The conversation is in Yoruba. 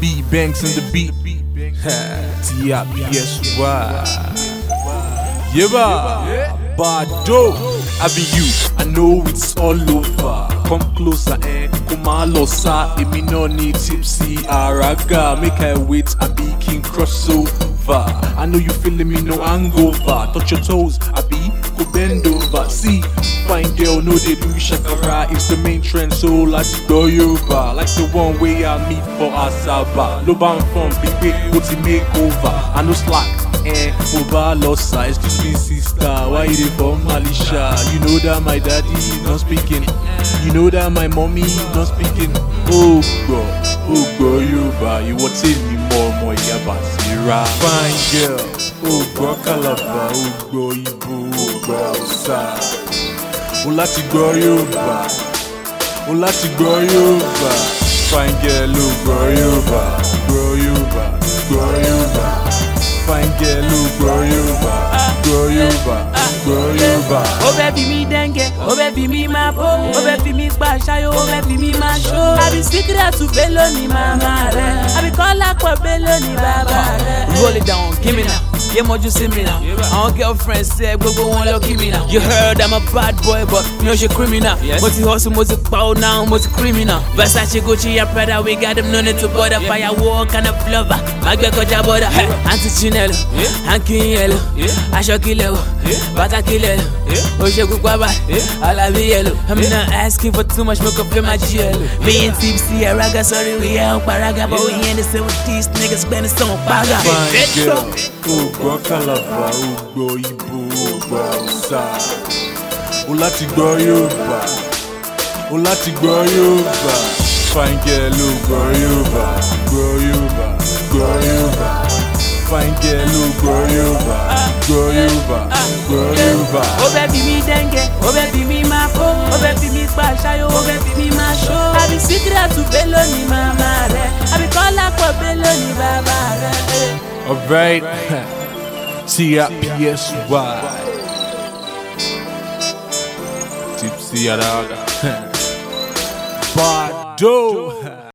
B Banks and the beat. T-I-P-S-Y. Yeba. Bado. I be you. I know it's all over. Come closer, eh? Kumalosa. Emi no need tipsy. Araga. Make her wait. I be king crossover. I know you feeling me no hangover. Touch your toes. I be don't know the do shakara. It's the main trend, so like the Yoruba. Like the one way I meet for Asaba. Loban from big big make over. I no slack. Eh, over size to me, sister. Why you from Malaysia? You know that my daddy not speaking. You know that my mommy not speaking. Oh, bro, oh, bro, Yoruba. You want to me more, more, Yabasira. Fine girl, oh, bro, Calabar, oh, bro, Ibu, oh, bro, outside. o láti gbọ́ Yorùbá o láti gbọ́ Yorùbá fine girl o gbọ́ Yorùbá gbọ́ Yorùbá gbọ́ Yorùbá fine girl o gbọ́ Yorùbá gbọ́ Yorùbá gbọ́ Yorùbá. ó fẹ́ fi mí dẹ́ngẹ̀ ó fẹ́ fi mí máa bó ó fẹ́ fi mí pa ṣáyó ó fẹ́ fi mí máa ṣó. àbí síkírẹ̀tù bélò ni màmá rẹ̀ àbí kọ́lá pọ̀ bélò ni bàbá rẹ̀. roll it down give me now. yé mojú sí mi náà. Àwọn girlfriends ṣe gbogbo wọn lọ kí mi náà. You heard I'm a bad boy but mi ò ṣe criminal. Mo ti hustle mo ti pa ó náà mo ti criminal. Versace Gucci and Prada we got them no need to bother. Firework kind of lover. Má gbé kọjá bọ́dà. Àǹtí Chinelo, yellow, yẹlo, aṣọ kílẹ̀ wò, bàtà kílẹ̀ lò. O ṣe pupa báyìí, Alabi yẹlo. I'm not asking for too much, mo up fẹ́ máa jí yẹlo. Me and Tipsy Araga, sorry we ain't paraga. But we ain't the same with these niggas, gbẹ́ni sọ̀rọ̀ paraga. Fine girl, cool girl. gbọ́ kàlàbà ó gbọ́ ibo ó gbọ́ ó láti gbọ́ yorùbá ó láti gbọ́ yorùbá fine girl ó gbọ́ yorùbá gbọ́ yorùbá gbọ́ yorùbá fine girl ó gbọ́ yorùbá gbọ́ yorùbá gbọ́ yorùbá. ó fẹ́ bí mi dẹ́ngẹ́ ó fẹ́ bí mi máa kó ó fẹ́ bí mi pa àṣàyò ó fẹ́ bí mi máa ṣó. àbí sídíràtù bélò ni màmá rẹ̀ àbí kọ́lápọ̀ bélò ni bàbá rẹ̀. Eh. All right. T-I-P-S-Y. Tipsy Araga. Bado.